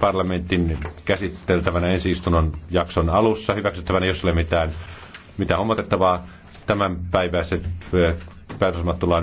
parlamentin käsiteltävänä ensiistunnon jakson alussa hyväksyttävänä, jos ei ole mitään, mitään omotettavaa. Tämän päiväiset päätösmat tullaan